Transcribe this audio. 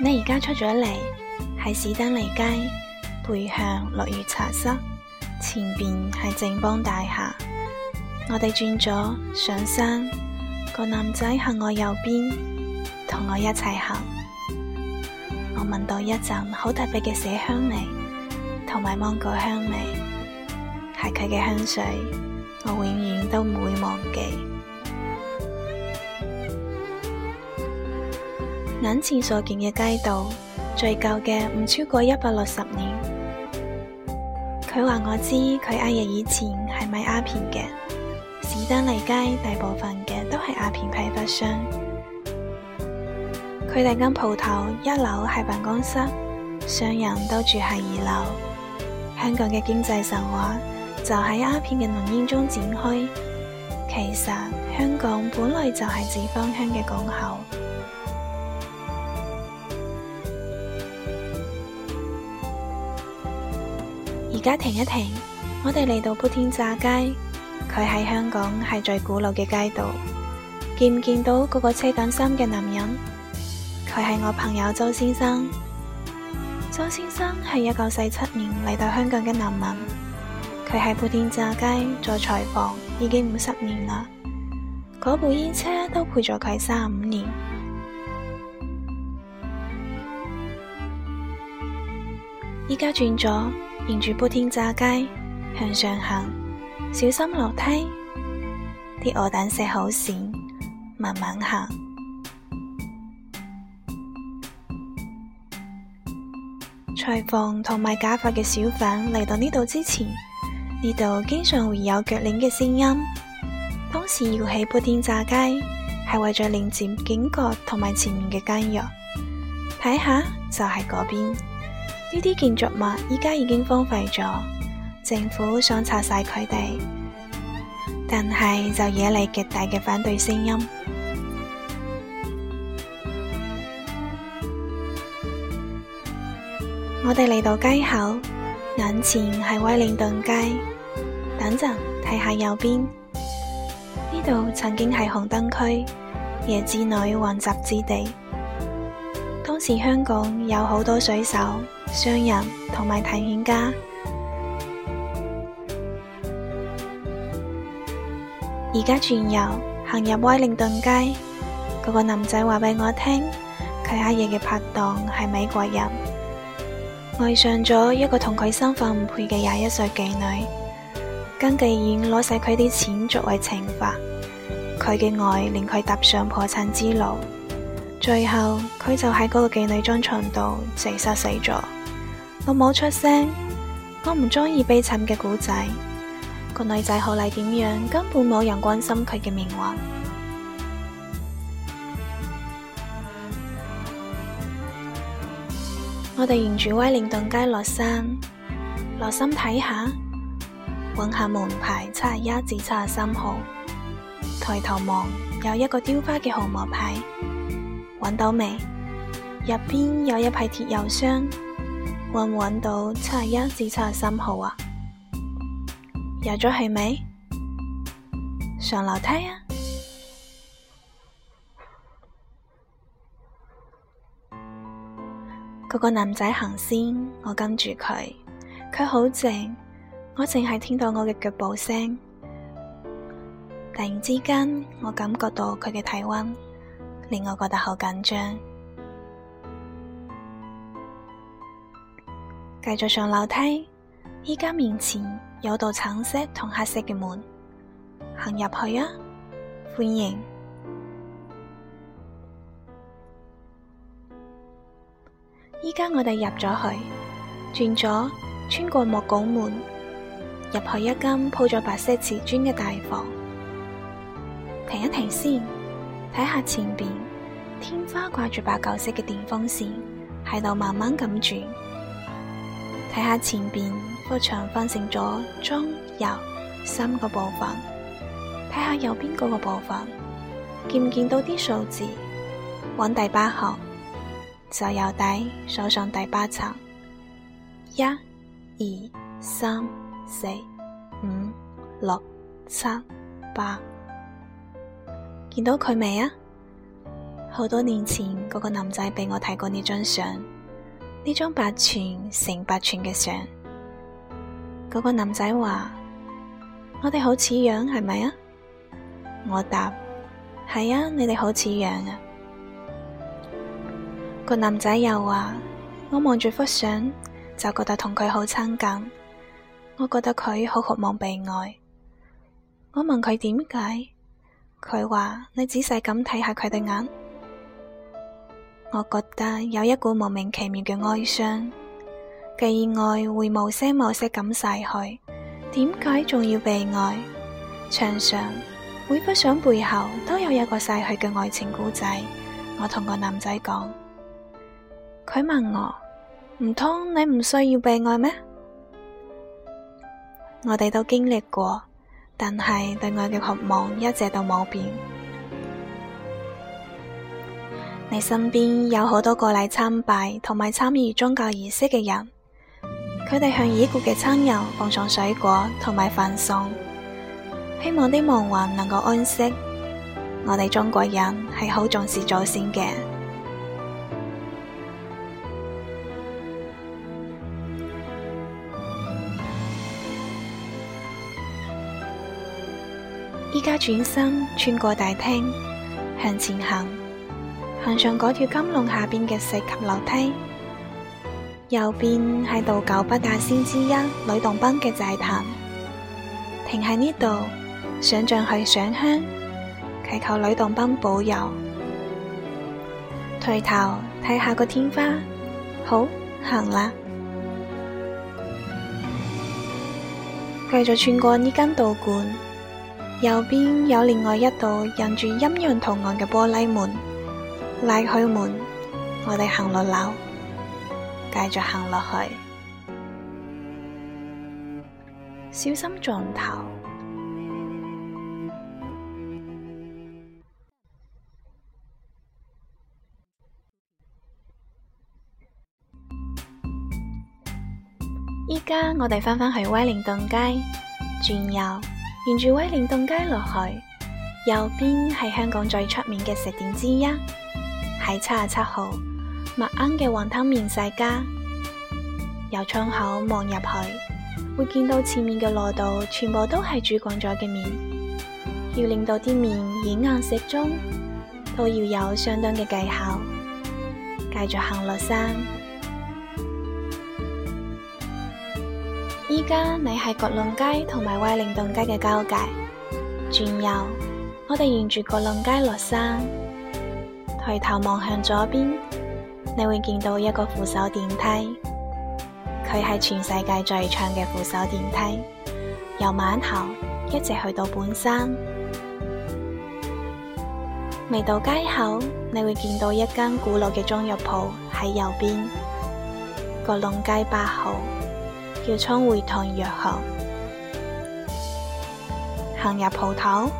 你而家出咗嚟，喺士丹利街背向陸羽茶室，前邊係正邦大廈。我哋轉左，上山，個男仔行我右邊，同我一齊行。我聞到一陣好特別嘅麝香味，同埋芒果香味，係佢嘅香水，我永遠都唔會忘記。眼前所見嘅街道，最舊嘅唔超過一百六十年。佢話我知，佢阿爺以前係賣鴉片嘅，士丹利街大部分嘅都係鴉片批發商。佢哋間鋪頭一樓係辦公室，商人都住喺二樓。香港嘅經濟神話就喺鴉片嘅濃煙中展開。其實香港本來就係指芳香嘅港口。依家停一停，我哋嚟到砵甸乍街，佢喺香港係最古老嘅街道。見唔見到嗰個車緊衫嘅男人？佢係我朋友周先生。周先生係一九四七年嚟到香港嘅難民，佢喺砵甸乍街做裁縫已經五十年啦。嗰部衣車都陪咗佢三十五年，依家轉左。沿住砵甸乍街向上行，小心樓梯，啲鵝蛋石好跣，慢慢行。裁縫同埋假髮嘅小販嚟到呢度之前，呢度經常會有腳鏈嘅聲音。當時要起砵甸乍街，係為咗連接警局同埋前面嘅監獄，睇下就係嗰邊。呢啲建築物依家已經荒廢咗，政府想拆晒佢哋，但係就惹嚟極大嘅反對聲音。音我哋嚟到街口，眼前係威靈頓街。等陣睇下看看右邊，呢度曾經係紅燈區、夜之女雲集之地。當時香港有好多水手。商人同埋探險家，而家轉右行入威靈頓街，嗰、那個男仔話畀我聽，佢阿爺嘅拍檔係美國人，愛上咗一個同佢身份唔配嘅廿一歲妓女，根據間妓院攞晒佢啲錢作為懲罰，佢嘅愛令佢踏上破產之路，最後佢就喺嗰個妓女張床度自殺死咗。我冇出聲，我唔鍾意悲慘嘅古仔。個女仔後嚟點樣？根本冇人關心佢嘅命運。 我哋沿住威靈頓街落山，留心睇下看看，揾下門牌七十一至七十三號。抬頭望，有一個雕花嘅紅木牌，揾到未？入邊有一排鐵郵箱。揾唔揾到七十一至七十三號啊？入咗去未？上樓梯啊？嗰個男仔行先，我跟住佢，佢好靜，我淨係聽到我嘅腳步聲。突然之間，我感覺到佢嘅體溫，令我覺得好緊張。繼續上樓梯，依家面前有道橙色同黑色嘅門，行入去啊！歡迎。依家我哋入咗去，轉左，穿過木拱門，入去一間鋪咗白色瓷磚嘅大房，停一停先，睇下前邊，天花掛住把舊式嘅電風扇，喺度慢慢咁轉。睇下前邊，幅牆分成左中右三個部分，睇下右邊嗰個部分，見唔見到啲數字？揾第八行，就由底數上第八層，一、二、三、四、五、六、七、八，見到佢未啊？好多年前嗰個男仔畀我睇過呢張相。呢張八寸乘八寸嘅相，嗰個男仔話：我哋好似樣，係咪啊？我答：係啊，你哋好似樣啊。嗰個男仔又話：我望住幅相就覺得同佢好親近，我覺得佢好渴望被愛。我問佢點解，佢話：你仔細咁睇下佢對眼。我覺得有一股莫名其妙嘅哀傷，既然愛會無聲無息咁逝去，點解仲要被愛？牆上每幅相背後都有一個逝去嘅愛情故仔。我同個男仔講，佢問我，唔通你唔需要被愛咩？我哋都經歷過，但係對愛嘅渴望一直都冇變。你身邊有好多過嚟參拜同埋參與宗教儀式嘅人，佢哋向已故嘅親人奉上水果同埋飯餸，希望啲亡魂能夠安息。我哋中國人係好重視祖先嘅。依家轉身穿過大廳，向前行。行上嗰條金龍下邊嘅四級樓梯，右邊係道教八大仙之一呂洞賓嘅祭壇，停喺呢度，想象去上香，祈求呂洞賓保佑。抬頭睇下個天花，好，行啦，繼續穿過呢間道觀，右邊有另外一道印住陰陽圖案嘅玻璃門。拉開門，我哋行落樓，繼續行落去，小心撞頭。依家我哋返返去威靈頓街轉右，沿住威靈頓街落去，右邊係香港最出名嘅食店之一。喺七啊七號麥奀嘅雲吞麵世家，由窗口望入去，會見到前面嘅籮度全部都係煮滾咗嘅麵。要令到啲麵軟硬適中，都要有相當嘅技巧。繼續行落山，依家你喺閣麟街同埋威靈頓街嘅交界，轉右，我哋沿住閣麟街落山。抬頭望向左邊，你會見到一個扶手電梯，佢係全世界最長嘅扶手電梯，由碼頭一直去到半山。未到街口，你會見到一間古老嘅中藥鋪喺右邊，閣麟街八號，叫春回堂藥行。行入鋪頭。